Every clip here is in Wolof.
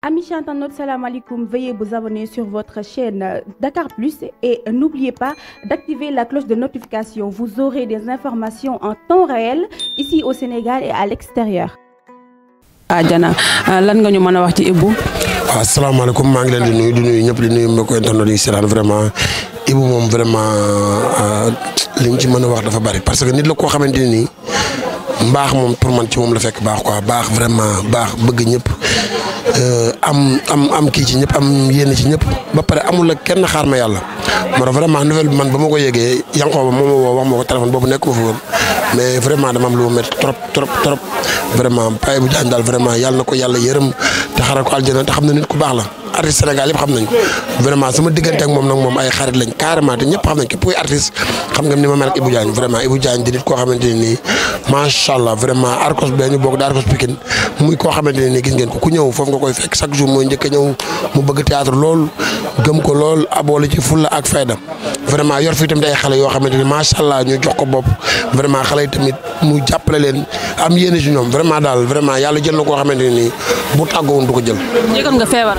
Amis chers internautes, salam alaikum. Veuillez vous abonner sur votre chaîne Dakar Plus et n'oubliez pas d'activer la cloche de notification. Vous aurez des informations en temps réel ici au Sénégal et à l'extérieur. Adiana, ah, euh, lan nga ñu mën a wax ci Ibou. waaw ah, salaamaaleykum maa ngi leen di nuyu di nuyu ñëpp di nuyu mbokki internautes yi seetaan vraiment Ibou moom vraiment euh, li ñu ci mën a wax dafa bari parce que nit la koo xamante ne nii mbaax moom pour man ci moom la fekk baax quoi baax vraiment baax bëgg ñëpp. Euh, am am am kii ci ñëpp am yéen ci ñëpp ba pare amul la kenn xaar ma yàlla moo tax vraiment nouvelle bi man ba ma ko yëgee yanqoo ba moom woo wax ma ko téléphone boobu nekk ma fa woon mais vraiment dama am lu ma métti trop trop trop vraiment Paye bu Diagne daal vraiment yàlla na ko yàlla yërëm te xaral ko aljana te xam na nit ku baax la artiste Sénégal yëpp xam nañ ko vraiment sama diggante moom nag moom ay xarit lañ carrément te ñëpp xam nañ képp kuy artiste xam nga ni ma mel ak Ibou Diagne vraiment Ibou Diagne di koo xamante ne nii macha allah vraiment Arcos bee ñu bokk di Arcos Pikine muy koo xamante ne nii gis ngeen ko ku ñëw foofu nga koy fekk chaque jour mooy njëkk a ñëw mu bëgg théâtre lool gëm ko lool aboole ci fulla ak fayda vraiment yor fi tamit ay xale yoo xamante ni macha allah ñu jox ko bopp vraiment xale yi tamit mu jàppale leen am yéene si ñoom vraiment daal vraiment yàlla jël na koo xamante ne nii bu tàggoon du ko jël. yëgoon nga feebar.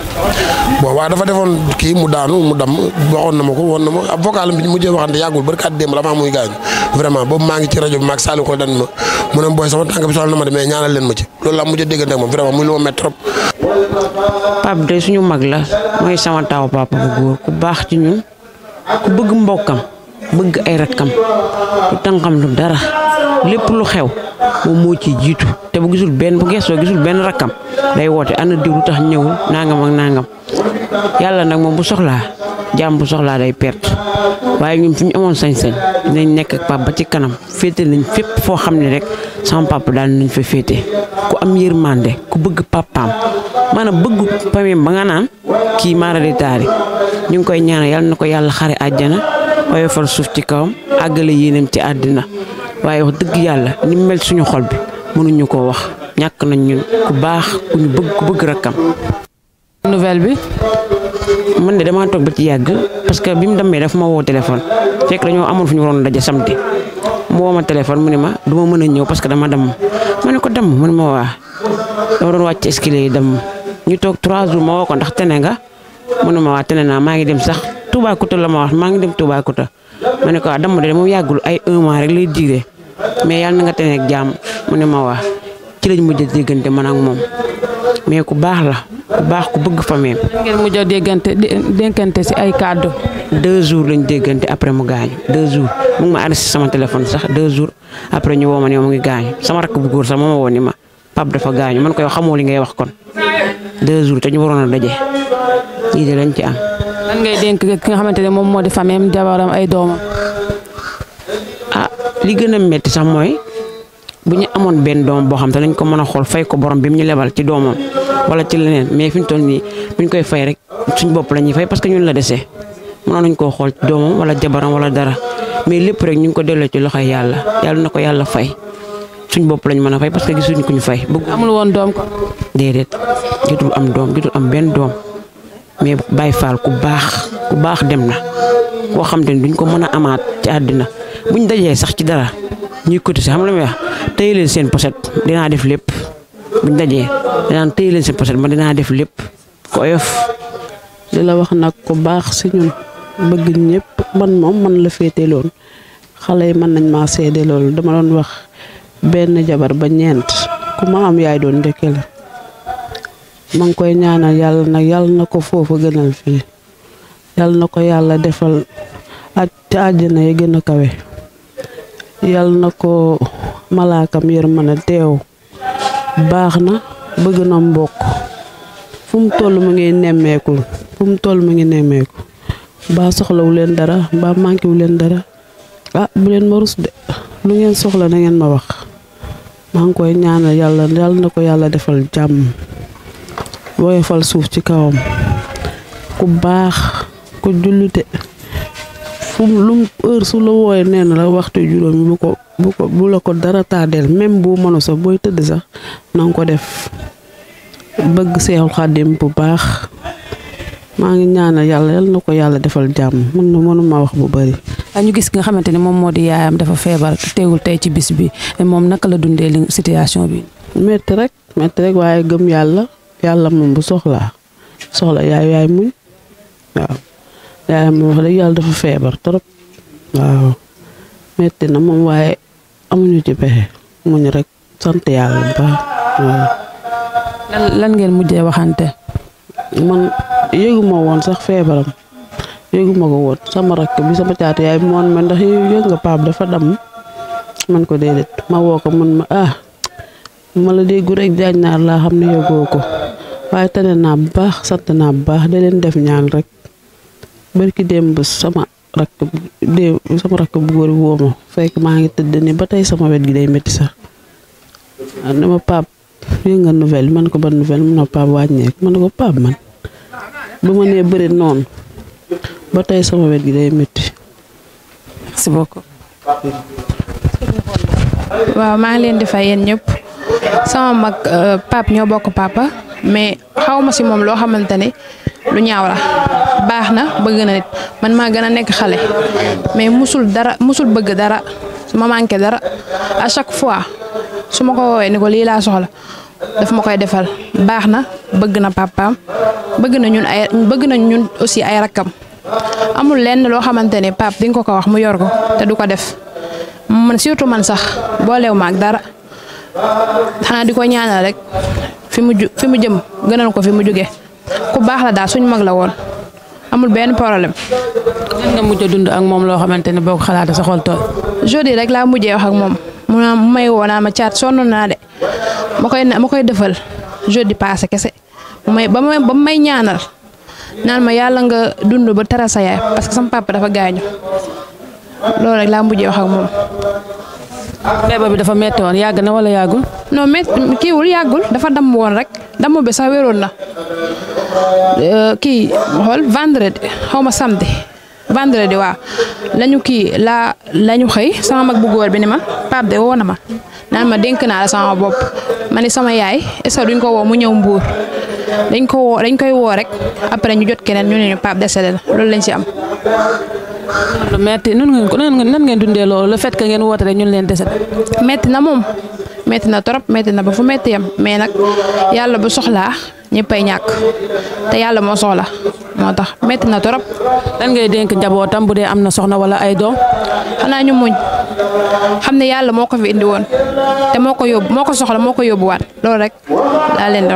bon waaw dafa defoon kii mu daanu mu dam waxoon na ma ko woon na ma ab vocal bi mu jëm waxante yàggul barkaat démb la maa muy gaañu vraiment boobu maa ngi ci rajo bi maag Saliou xool dan ma mu ne booy sama tànk bi soxla na ma demee ñaanal leen a déggante ak moom vraiment mag la mooy sama taw papa bu góor ku baax ci ñun. ku bëgg mbokkam bëgg ay rakkam du tànqam lu dara lépp lu xew moom moo ci jiitu te bu gisul benn bu geesoo gisul benn rakkam day woote ana diw lu tax ñëwul nangam ak nangam yàlla nag moom bu soxlaa jaam bu soxlaa day perte waaye ñun fu ñu amoon sañ-sañ dinañ nekk ak ba ci kanam féete nañ fépp foo xam ne rek sama papa daal nañ fa féete ku am yërmande ku bëgg papaam maanaam bëggu pamim ba nga naan kii maara di taari ñu ngi koy ñaanal yal na ko yàlla xare àjjana oyofal suuf ci kawam àggale yéenam ci àddina waaye wax dëgg yàlla ni mel suñu xol bi mënuñu ko wax ñàkk nañ ñun ku baax ku ñu bëgg ku bëgg rakkam nouvelle bi man de damaa toog ba ci yàgg parce que bi mu demee dafa ma woo téléphone fekk dañoo amul fu ñu waroon daje samedi mu woo ma téléphone mu ne ma du mën a ñëw parce que dama dem ma ne ko dem mu ne ma waa dama ñu toog trois jours ma woo ko ndax tene nga mënuma waa tene naa maa ngi dem sax Toubacouta la ma wax maa ngi dem Toubacouta ma ne ko ah dama de moom yàggul ay mois rek lay diire mais yàlla na nga tene ak mu ne ma waa ci lañ mujj a déggante man ak moom mais ku baax la baax ku bëgg famille am. ngeen mujj a déggante si ay kàddu. deux jours lañ déggante après mu gaañu deux jours mu ngi ma arrêté sama téléphone sax deux jours après ñu woo ma ne ma mu ngi gaañu sama rakk bu góor sax moo ma ni ma Pape dafa gaañu man koy xamoo li ngay wax kon. deux jours te ñu waroon a daje lii de lañ ci am. lan ngay dénk ki nga xamante ne moom moo di fameem jabaram ay doomam. ah li gën a métti sax mooy bu ñu amoon benn doom boo xam te nañ ko mën a xool fay ko borom bi mu ñu lebal ci doomam wala ci leneen mais fi ñu toll nii buñ koy fay rek suñ bopp la ñuy fay parce que ñun la dese mënoon nañ koo xool ci doomam wala jabaram wala dara mais lépp rek ñu ngi ko delloo ci loxoy yàlla yàlla na ko yàlla fay. suñ bopp lañ mën a fay parce que gisuñ ku ñu fay. bëgg amul woon doom ko. déedéet jotul am doom jotul am benn doom mais Baye Fall ku baax ku baax dem na koo xam te ne duñ ko mën a amaat ci àddina buñ dajee sax ci dara ñuy cotiser xam la may wax leen seen poset dinaa def lépp buñ dajee dinaan téye leen seen poset ma dinaa def lépp ko oyof. di la wax nag ku baax si ñun bëgg ñëpp man moom man la féete loon xale yi mën nañ maa seede loolu dama doon wax. benn jabar ba ñeent ku ma am yaay doon ndékkale ma ngi koy ñaanal yàlla nag yàlla na ko foofu gënal fii yàlla na ko yàlla defal aj te àjjana ya gën a kawe yàlla na ko malaakam mën a teew baax na bëgg na mbokk fu mu toll ngi nemmeeku fu mu toll mu ngi nemmeeku ba soxlawu leen dara ba manqué wu leen dara ah bu leen ma rus de lu ngeen soxla na ngeen ma wax maa ngi koy ñaanal yàlla yàlla na ko yàlla defal jàmm woyofal suuf ci kawam ku baax ku jullite fu lu heure su la wooye nee na la waxtu juróom yi bu ko bu la ko dara taadeel même bu mënu sax booy tëdd sax na nga ko def bëgg Seexul Xaadim bu baax maa ngi ñaanal yàlla yàlla na ko yàlla defal jàmm mën na mënuma wax bu bari ñu gis nga xamante ne moom moo di yaayam dafa feebar teewul tey ci bis bi moom naka la dundee li situation bi. metti rek metti rek waaye gëm yàlla yàlla moom bu soxlaa soxla yaay yaay muñ waaw yaayam moom wax yàlla dafa feebar trop waaw metti na moom waaye amuñu ci pexe muñ rek sant yàlla waaw. lan ngeen mujjee waxante. man yëguma woon sax feebaram. yëguma ko woon sama rakk bi sama caatu yaay moon ma ndax yëg nga paap dafa dam man ko déedéet ma woo ko mën ma ah ma la déggu rek jaaj naar laa xam ne yëgoo ko waaye tane naa bu baax sant naa bu baax da leen def ñaan rek barki démb sama rakk démb sama rakk bu góor woo ma fekk maa ngi tëdd ni ba tey sama wet gi day metti sax ne ma paap yëg nga nouvelle man ko ba nouvelle mun na paap wàññeeku man ko paap man ba ma nee bëri noonu ba tey sama wet gi day métti. merci beaucoup. waaw maa ngi leen di fay yéen ñëpp sama mag euh, Pape ñoo bokk papa mais xawma si moom loo xamante ne lu ñaaw la baax na bëgg na nit man maa gën a nekk xale mais musul dara musul bëgg dara su ma manqué dara à chaque fois su ma ko woowee ni ko lii laa soxla daf ma koy defal baax na bëgg na papaam bëgg na ñun ay bëgg na ñun aussi ay rakkam. amul lenn loo xamante ne pap di nga ko ko wax mu yor ko te du ko def man surtout man sax boolew ma ak dara xanaa di ko ñaanal rek fi mu fi mu jëm gënal ko fi mu jóge ku baax la daal suñ mag la woon amul benn problème. lan nga mujj a dund ak moom loo xamante ne boo ko xalaatee tool. jeudi rek laa mujjee wax ak moom mu may woo naa ma caat sonn naa de ma koy ma koy defal jeudi passé kese mu may ba may ñaanal. naan ma yàlla nga dund ba tara sa yaay parce que sama papa dafa gaañu loolu rek laa mujjee wax ak moom. feebar bi dafa metti woon yàgg na wala yàggul. non metti kiiwul yàggul dafa damm woon rek damm bi sax wéroon na euh, kii xool vendredi xaw ma samedi vendredi waaw lañu kii laa lañu xëy sama mag bu góor bi ni ma Pape de woo na ma naan ma dénk naa la sama bopp ma ni sama yaay est duñ ko woo mu ñëw mbuur dañ ko dañ koy woo rek après ñu jot keneen ñu ne ñu Pape décédé loolu lañ ci am. lu metti nan ngeen ko nan ngeen dundee loolu le fait que ngeen woote rek ñun leen décédé. metti na moom metti na trop metti na ba fu metti yam mais nag yàlla bu soxlaa ñëppay ñàkk te yàlla moo soxla moo tax metti na trop. lan ngay dénk njabootam bu dee am na soxna wala ay doom. xanaa ñu muñ xam ne yàlla moo ko fi indi te moo ko yóbbu moo ko soxla moo ko yóbbuwaat loolu rek daa leen di